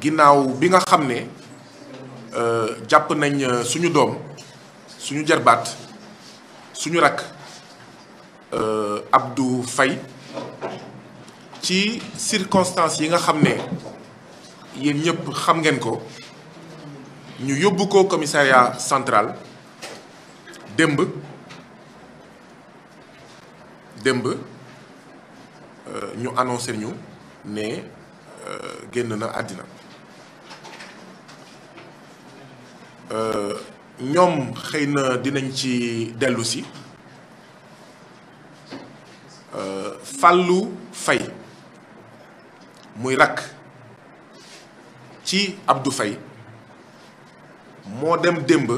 ginnaaw bi nga xam ne euh, jàpp nañ euh, suñu doom suñu jarbaat suñu rakk euh, Abdou fay ci circonstances yi nga xam ne yéen ñëpp xam ngeen ko ñu yóbbu ko commissariat centrale démb démb ñu annoncé ñu ne génn na àddina Euh, ñoom xëy na dinañ ci dellusi si euh, Fallou Faye muy rakk ci abdu Faye moo dem démb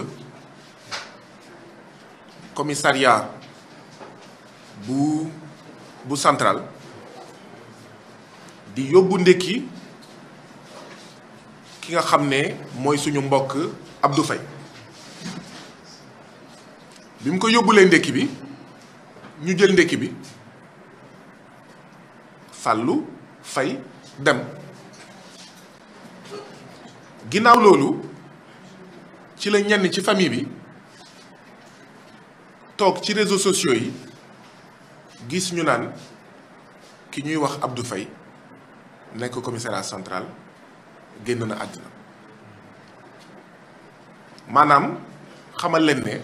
commissariat bu bu central di yóbbu ndékki ki nga xam ne mooy suñu mbokk Abdou Faye bi mu ko yóbbulee ndekki bi ñu jël ndekki bi Fallou Faye dem ginnaaw loolu ci la ñenn ci famille bi toog ci réseau sociaux yi gis ñu naan ki ñuy wax abdu Faye nekk commissariat central génn na àddina maanaam xamal leen ne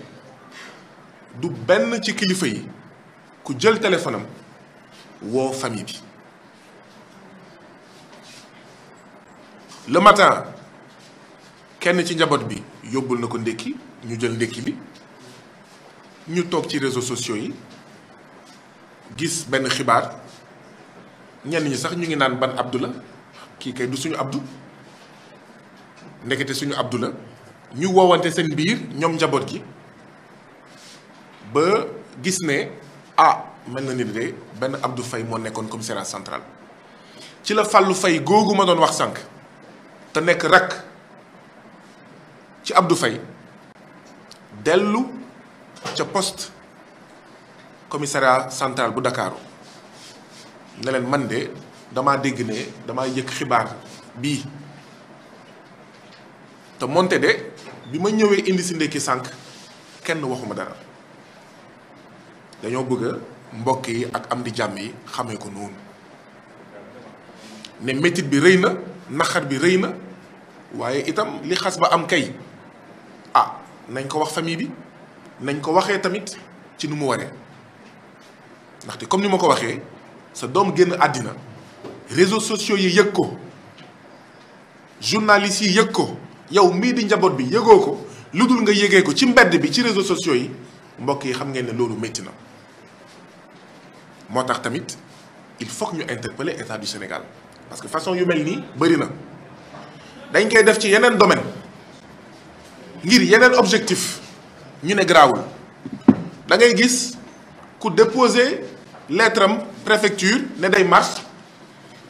du benn ci kilifa yi ku jël téléphone am woo famille bi le matin kenn ci njaboot bi yóbbul na ko ndékki ñu jël ndékki bi ñu toog ci réseaux sociaux yi gis benn xibaar ñenn ñi sax ñu ngi naan ban abdu la kii kay du suñu abdu ndekete suñu abdu la ñu woowante seen biir ñoom njaboot gi ba gis ne a ah, mel na ni de benn Abdou Faye moo nekkoon commissariat central ci la Fallou Faye googu ma doon wax sànq te nekk rak ci abdu Faye dellu ca post commissariat central bu ndakaaru ne leen man de damaa dégg ne damaa yëg xibaar bi te moonte de bi ma ñëwee indi si ndekki sànq kenn waxuma dara dañoo bëgg mbokk yi ak am di jàmm yi xamee ko noonu ne métit bi rey na naqar bi rey na waaye itam li xas ba am kay ah nañ ko wax famille bi nañ ko waxee tamit ci nu mu waree ndaxte comme ni ma ko waxee sa doom génn àddina réseaux sociaux yi yëg ko journalistes yi yëg ko yow mii di njaboot bi yëgoo ko lu dul nga yëgee ko ci mbedd bi ci réseau sociaux yi mbokk yi xam ngeen ne loolu métti na moo tax tamit il faut ñu interpeller état du Sénégal parce que façon yu mel nii bëri na dañ koy def ci yeneen domaine ngir yeneen objectif ñu ne garaawul da ngay gis ku déposer lettre am préfecture ne day marche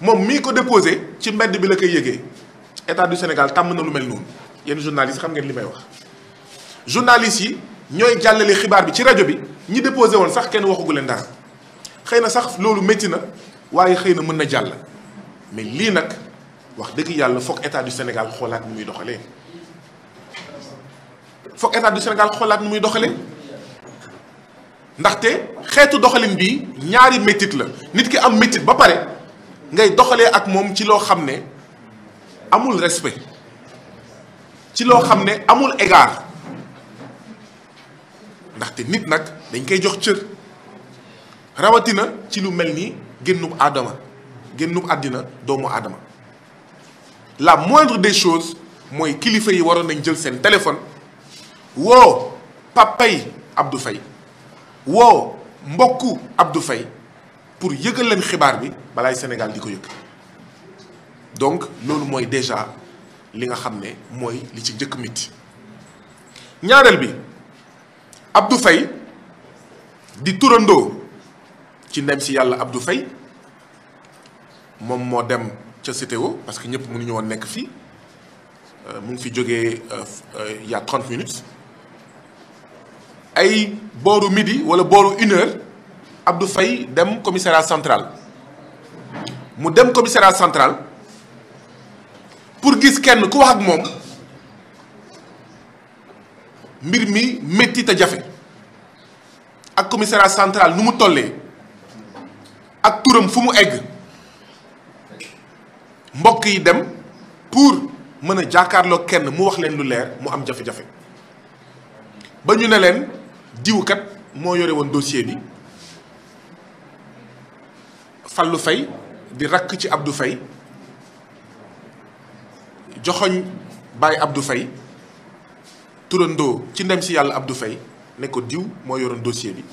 moom mii ko déposé ci mbedd bi la koy yëgee état du Sénégal tàmm na lu mel noonu yéen journaliste xam ngeen li may wax journaliste yi ñooy jàllale xibaar bi ci rajo bi ñi déposé woon sax kenn waxagu leen dara xëy na sax loolu métti na waaye xëy na mën na jàll mais lii nag wax dëgg yàlla foog état du Sénégal xoolaat nu muy doxalee foog état du Sénégal xoolaat nu muy doxalee ndaxte xeetu doxalin bi ñaari métit la nit ki am métit ba pare ngay doxalee ak moom ci loo xam ne. amul respect ci loo xam ne amul égard ndaxte nit nag dañ koy jox cër rawatina ci lu mel ni génnub aadama génnub àddina doomu adama la moindre des choses mooy kilifa yi waroon nañ jël seen téléphone woo papay Abdou Faye woo mbokku du Faye pour yëgal leen xibaar bi balaay Sénégal di ko yëg donc loolu mooy déjà li nga xam ne mooy li ci njëkk meeting ñaareel bi Abdou Faye di turandoo ci ndem si yàlla Abdou Faye moom moo dem ca CTO parce que ñëpp mënuñu woon nekk fii euh, mu ngi fi jógee euh, euh, il y minutes ay booru midi wala booru une heure Abdou Faye dem commissariat central mu dem commissariat central pour gis kenn ku wax ak moom mbir mi métti te jafe ak commissariat central nu mu tollee ak turam fu mu egg mbokk yi dem pour mën a jàkkaarloo kenn mu wax leen lu leer mu am jafe-jafe ba ñu ne leen diwkat moo yore woon dossier bi lu fay di rakk ci abdu fay joxoñ Baye Abdou Faye turandoo ci ndem si yàlla Abdou Faye ne ko diw moo yoroon dossier bi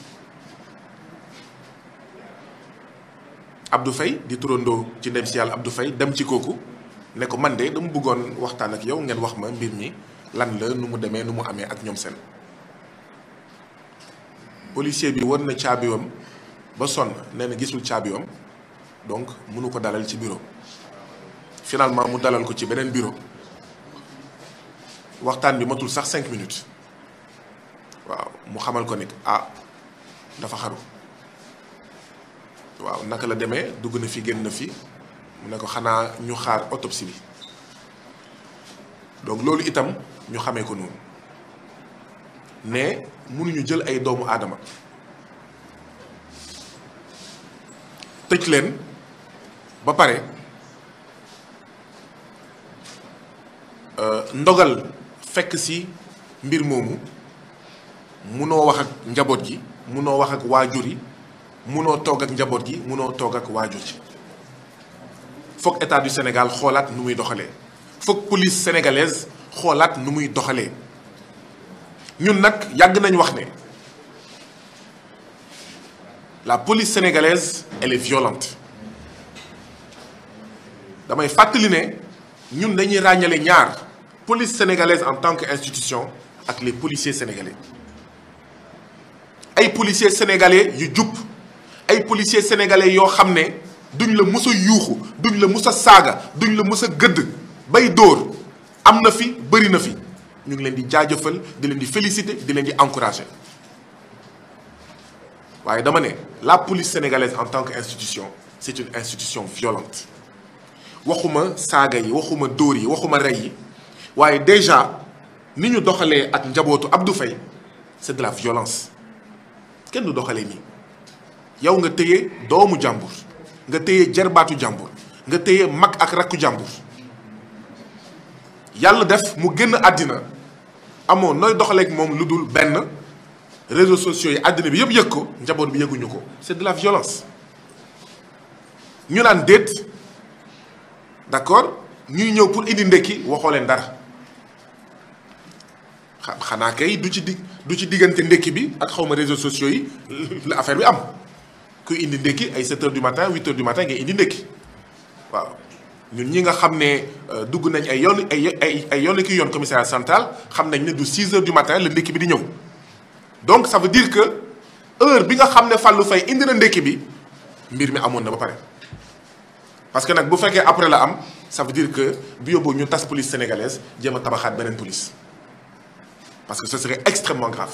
abdu Faye di turandoo ci ndem si yàlla Abdou Faye dem ci kooku ne ko man de dama bëggoon waxtaan ak yow ngeen wax ma mbir mi lan la nu mu demee nu mu amee ak ñoom seen policier bi war na caabiwam ba sonn nee na gisul caabiwam donc mënu ko dalal ci bureau finalement mu dalal ko ci beneen bureau waxtaan bi matul sax cinq minutes waaw mu xamal ko ni ah dafa xaru waaw naka la demee dugg na fi génn na fi mu ne ko xanaa ñu xaar autopsie bi donc loolu itam ñu xamee ko noonu ne mënuñu jël ay doomu aadama tëj leen ba pare Euh, ndogal fekk si mbir moomu munoo wax ak njaboot gi munoo wax ak waajur yi munoo toog ak njaboot gi munoo toog ak waajur ci foog état du Sénégal xoolaat nu muy doxalee foog police sénégalaise xoolaat nu muy doxalee ñun nag yàgg nañ wax ne la police sénégalaise elle est damay fàttali ne ñun dañuy ràññale ñaar. police sénégalaise en tant qu'institution ak les policiers sénégalais ay policiers sénégalais yu jub ay policiers sénégalais yoo xam ne duñ la mës a yuuxu duñ la mës a saaga duñ la mës a gëdd bay dóor am na fi bëri na fi ñu ngi leen di jaajëfal di leen di féliciter di leen di encourager waaye dama ne la police sénégalaise en tant que qu'institution c'est une institution violente waxuma saaga yi waxuma dóor yi waxuma rey yi waaye déjà ni ñu doxalee ak njabootu Abdou Faye c'est de la violence kenn du doxalee nii yow nga téye doomu jàmbur nga téye jarbaatu jàmbur nga téye mag ak rakku jàmbur yàlla def mu génn àddina amoon nooy doxaleeg moom lu dul benn réseaux sociaux yi àddina bi yëpp yëg ko njaboot bi yëguñu ko c'est de la violence ñu naan déet d'accord ñuy ñëw pour indi ndekki waxoo leen dara xanaa kay du ci di du ci diggante ndekki bi ak xaw ma réseaux sociaux yi la affaire bi am kuy indi ndekki ay 7 heures du matin 8 heures du matin ngay indi ndekki waaw ñun ñi nga xam ne euh, dugg nañ ay yoon ay ay ay yoon ki yoon commissariat central xam nañ ne du 6 heures du matin la ndekki bi di ñëw donc ça veut dire que heure bi nga xam ne Fallou Faye indi na ndekki bi mbir mi amoon na ba pare parce que nag bu fekkee après la am ça veut dire que bu yóbboo ñu tas police sénégalaise jéem a tabaxaat beneen police parce que ce serait extrêmement grave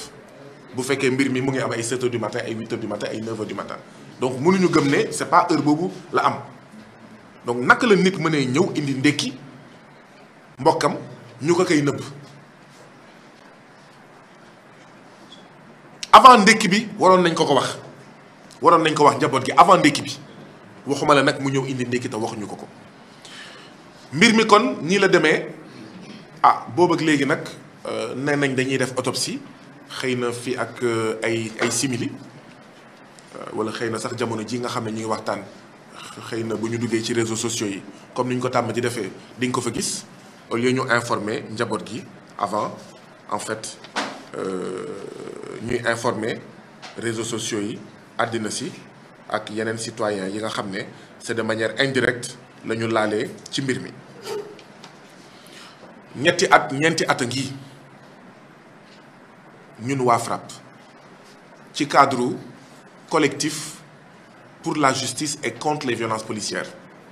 bu fekkee mbir mi mu ngi am ay 7 heures du matin ay 8 heures du matin ay 9 heures du matin donc mënuñu gëm ne c'est pas heure boobu la am donc naka la nit mënee ñëw indi ndékki mbokkam ñu ko koy nëbb avant ndékki bi waroon nañ ko ko wax waroon nañ ko wax njaboot gi avant ndékki bi waxuma la nag mu ñëw indi ndékki te waxuñu ko ko mbir mi kon nii la demee ah boobu léegi nag Euh, nee nañ dañuy def autopsie xëy na fii ak euh, ay ay simili euh, wala xëy na sax jamono ji nga xam ne ñu ngi waxtaan xëy na bu ñu duggee ci réseau sociaux yi comme ni ñu ko tàmm di defee di nga ko fa gis au lieu ñu informer njaboot gi avant en fait ñuy informer réseau sociaux yi àddina si ak yeneen citoyens yi nga xam ne c'est de manière indirecte la ñu laalee ci mbir mi ñetti at ñeenti at a ngi ñun waa FRAPP ci cadre collectif pour la justice et contre les violences policières